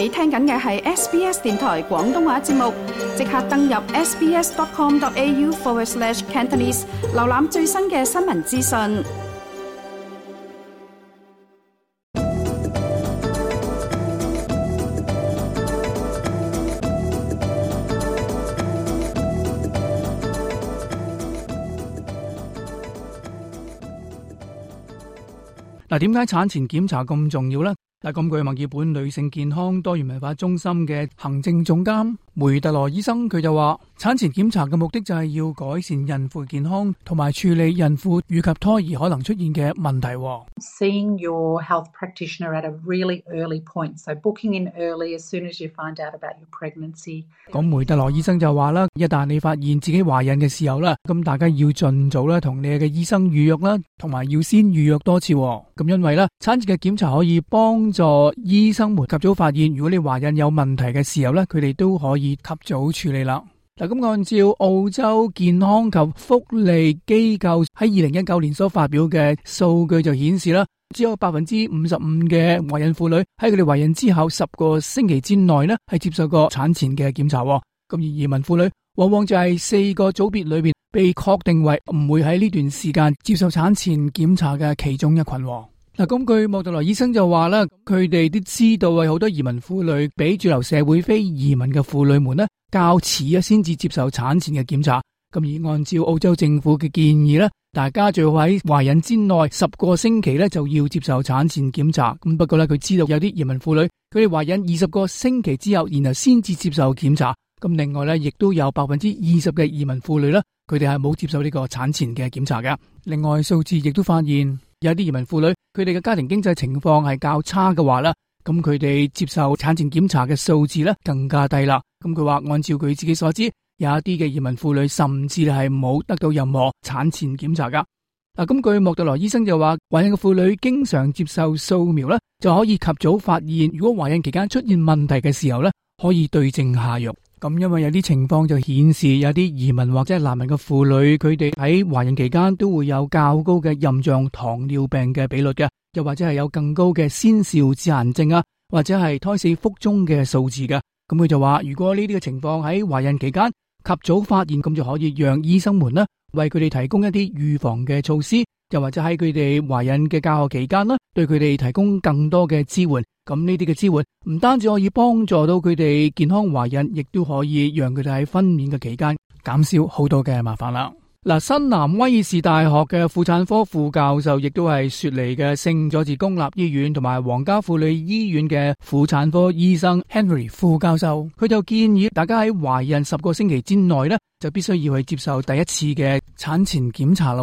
你聽緊嘅係 SBS 電台廣東話節目，即刻登入 sbs.com.au/cantonese，瀏覽最新嘅新聞資訊。嗱，點解產前檢查咁重要咧？嗱，咁佢係墨爾本女性健康多元文化中心嘅行政總監。梅特羅醫生佢就話：產前檢查嘅目的就係要改善孕婦健康，同埋處理孕婦以及胎兒可能出現嘅問題。Seeing your health practitioner at a really early point, so booking in early as soon as you find out about your pregnancy。咁梅特羅醫生就話啦：一旦你發現自己懷孕嘅時候啦，咁大家要盡早啦同你嘅醫生預約啦，同埋要先預約多次。咁因為啦，產前嘅檢查可以幫助醫生們及早發現，如果你懷孕有問題嘅時候咧，佢哋都可以。而及早處理啦。嗱，咁按照澳洲健康及福利機構喺二零一九年所發表嘅數據就顯示啦，只有百分之五十五嘅懷孕婦女喺佢哋懷孕之後十個星期之內呢，係接受過產前嘅檢查。咁而移民婦女往往就係四個組別裏邊被確定為唔會喺呢段時間接受產前檢查嘅其中一群。嗱，根據莫特萊醫生就話啦，佢哋都知道啊，好多移民婦女比主流社會非移民嘅婦女們咧較遲啊，先至接受產前嘅檢查。咁而按照澳洲政府嘅建議咧，大家最好喺懷孕之內十個星期咧就要接受產前檢查。咁不過咧，佢知道有啲移民婦女佢哋懷孕二十個星期之後，然後先至接受檢查。咁另外咧，亦都有百分之二十嘅移民婦女咧，佢哋係冇接受呢個產前嘅檢查㗎。另外數字亦都發現。有啲移民婦女，佢哋嘅家庭經濟情況係較差嘅話咧，咁佢哋接受產前檢查嘅數字咧更加低啦。咁佢話，按照佢自己所知，有一啲嘅移民婦女甚至係冇得到任何產前檢查噶。嗱，咁據莫德羅醫生就話，懷孕嘅婦女經常接受掃描咧，就可以及早發現，如果懷孕期間出現問題嘅時候咧，可以對症下藥。咁因為有啲情況就顯示有啲移民或者係難民嘅婦女，佢哋喺懷孕期間都會有較高嘅妊娠糖尿病嘅比率嘅，又或者係有更高嘅先兆子癇症啊，或者係胎死腹中嘅數字嘅。咁、嗯、佢就話，如果呢啲嘅情況喺懷孕期間及早發現，咁就可以讓醫生們呢，為佢哋提供一啲預防嘅措施，又或者喺佢哋懷孕嘅教學期間呢。對佢哋提供更多嘅支援，咁呢啲嘅支援唔單止可以幫助到佢哋健康懷孕，亦都可以讓佢哋喺分娩嘅期間減少好多嘅麻煩啦。嗱，新南威爾士大學嘅婦產科副教授，亦都係雪梨嘅聖佐治公立醫院同埋皇家婦女醫院嘅婦產科醫生 Henry 副教授，佢就建議大家喺懷孕十個星期之內呢，就必須要去接受第一次嘅產前檢查啦。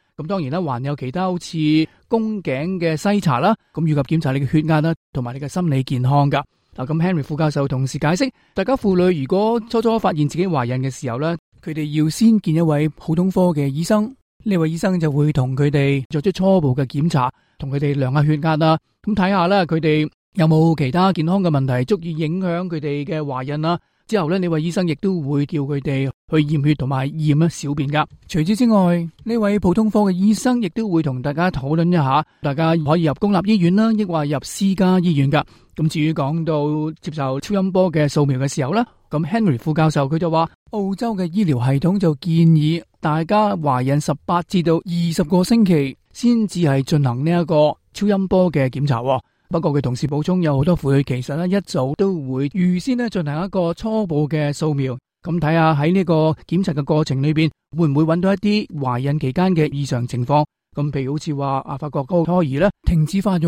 咁當然啦，還有其他好似宮頸嘅篩查啦，咁以及檢查你嘅血壓啦，同埋你嘅心理健康噶。嗱，咁 Henry 副教授同時解釋，大家婦女如果初初發現自己懷孕嘅時候咧，佢哋要先見一位普通科嘅醫生，呢位醫生就會同佢哋作出初步嘅檢查，同佢哋量下血壓啦，咁睇下咧佢哋有冇其他健康嘅問題足以影響佢哋嘅懷孕啦。之後咧，呢位醫生亦都會叫佢哋。去驗血同埋驗一小便噶。除此之外，呢位普通科嘅醫生亦都會同大家討論一下，大家可以入公立醫院啦，亦或入私家醫院噶。咁至於講到接受超音波嘅掃描嘅時候咧，咁 Henry 副教授佢就話，澳洲嘅醫療系統就建議大家懷孕十八至到二十個星期先至係進行呢一個超音波嘅檢查。不過佢同時補充有，有好多婦女其實呢一早都會預先咧進行一個初步嘅掃描。咁睇下喺呢個檢查嘅過程裏邊，會唔會揾到一啲懷孕期間嘅異常情況？咁譬如好似話啊，發覺個胎兒咧停止發育，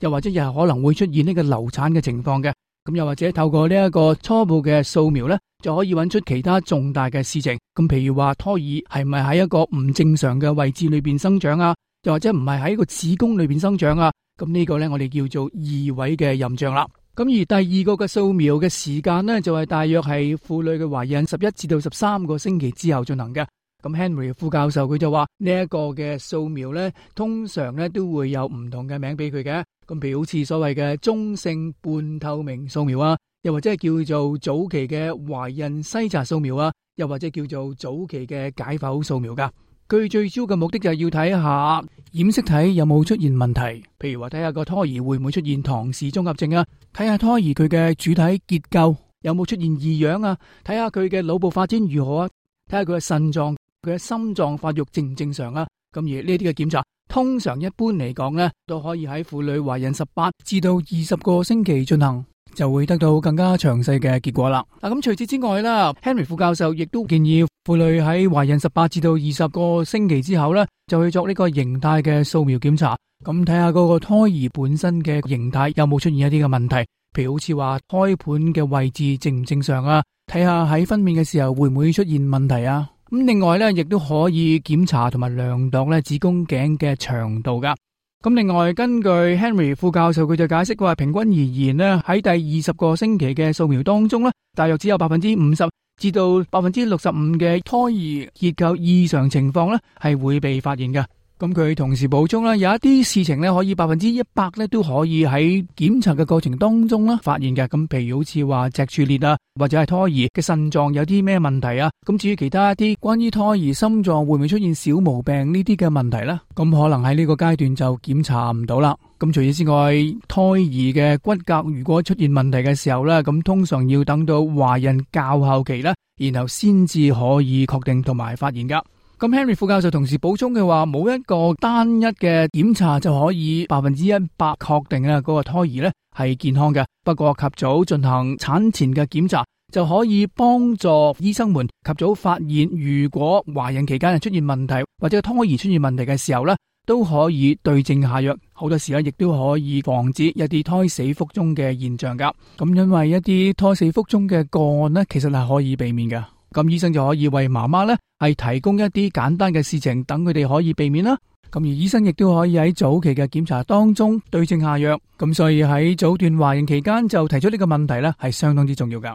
又或者又係可能會出現呢個流產嘅情況嘅。咁又或者透過呢一個初步嘅掃描咧，就可以揾出其他重大嘅事情。咁譬如話胎兒係唔係喺一個唔正常嘅位置裏邊生長啊？又或者唔係喺個子宮裏邊生長啊？咁、這、呢個咧，我哋叫做異位嘅妊娠啦。咁而第二個嘅掃描嘅時間咧，就係、是、大約係婦女嘅懷孕十一至到十三個星期之後進行嘅。咁 Henry 副教授佢就話、這個、呢一個嘅掃描咧，通常咧都會有唔同嘅名俾佢嘅。咁譬如好似所謂嘅中性半透明掃描啊，又或者係叫做早期嘅懷孕篩查掃描啊，又或者叫做早期嘅、啊、解剖掃描噶。佢最焦嘅目的就係要睇下染色體有冇出現問題，譬如話睇下個胎兒會唔會出現唐氏綜合症啊？睇下胎兒佢嘅主體結構有冇出現異樣啊？睇下佢嘅腦部發展如何啊？睇下佢嘅腎臟、佢嘅心臟發育正唔正常啊？咁而呢啲嘅檢查，通常一般嚟講呢，都可以喺婦女懷孕十八至到二十個星期進行。就會得到更加詳細嘅結果啦。嗱、啊，咁除此之外啦，Henry 副教授亦都建議婦女喺懷孕十八至到二十個星期之後咧，就去做呢個形態嘅掃描檢查，咁睇下嗰個胎兒本身嘅形態有冇出現一啲嘅問題，譬如好似話胎盤嘅位置正唔正常啊，睇下喺分娩嘅時候會唔會出現問題啊。咁、啊、另外咧，亦都可以檢查同埋量度咧子宮頸嘅長度噶咁另外，根據 Henry 副教授佢就解釋話，平均而言咧，喺第二十個星期嘅掃描當中咧，大約只有百分之五十至到百分之六十五嘅胎兒結構異常情況咧，係會被發現㗎。咁佢同時補充啦，有一啲事情咧，可以百分之一百咧都可以喺檢查嘅過程當中啦發現嘅。咁譬如好似話脊柱裂啊，或者係胎兒嘅腎臟有啲咩問題啊。咁至於其他一啲關於胎兒心臟會唔會出現小毛病呢啲嘅問題咧，咁可能喺呢個階段就檢查唔到啦。咁除此之外，胎兒嘅骨骼如果出現問題嘅時候咧，咁通常要等到懷孕較後期咧，然後先至可以確定同埋發現噶。咁 Henry 副教授同時補充嘅話，冇一個單一嘅檢查就可以百分之一百確定咧嗰個胎兒咧係健康嘅。不過及早進行產前嘅檢查，就可以幫助醫生們及早發現，如果懷孕期間出現問題或者胎兒出現問題嘅時候咧，都可以對症下藥。好多時咧亦都可以防止一啲胎死腹中嘅現象噶。咁因為一啲胎死腹中嘅個案咧，其實係可以避免噶。咁醫生就可以為媽媽呢係提供一啲簡單嘅事情，等佢哋可以避免啦。咁而醫生亦都可以喺早期嘅檢查當中對症下藥。咁所以喺早段懷孕期間就提出呢個問題呢係相當之重要噶。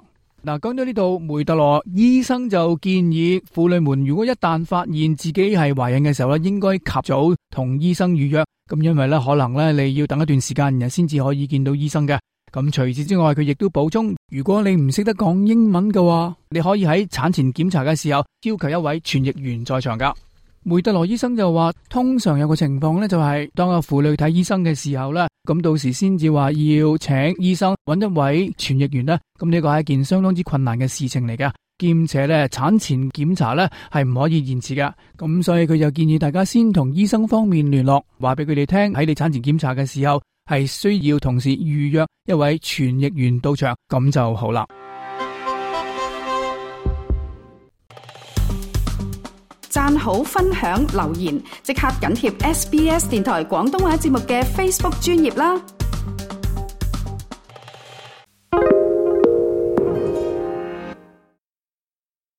嗱、啊，講到呢度，梅特羅醫生就建議婦女們如果一旦發現自己係懷孕嘅時候呢，應該及早同醫生預約。咁、嗯、因為呢，可能呢你要等一段時間先至可以見到醫生嘅。咁除此之外，佢亦都補充：如果你唔識得講英文嘅話，你可以喺產前檢查嘅時候要求一位傳譯員在場噶。梅德羅醫生就話：通常有個情況呢、就是，就係當阿婦女睇醫生嘅時候呢，咁到時先至話要請醫生揾一位傳譯員呢。咁、這、呢個係一件相當之困難嘅事情嚟噶。兼且呢，產前檢查呢係唔可以延遲噶。咁所以佢就建議大家先同醫生方面聯絡，話俾佢哋聽喺你產前檢查嘅時候。係需要同時預約一位傳譯員到場，咁就好啦。讚好、分享、留言，即刻緊貼 SBS 電台廣東話節目嘅 Facebook 專頁啦。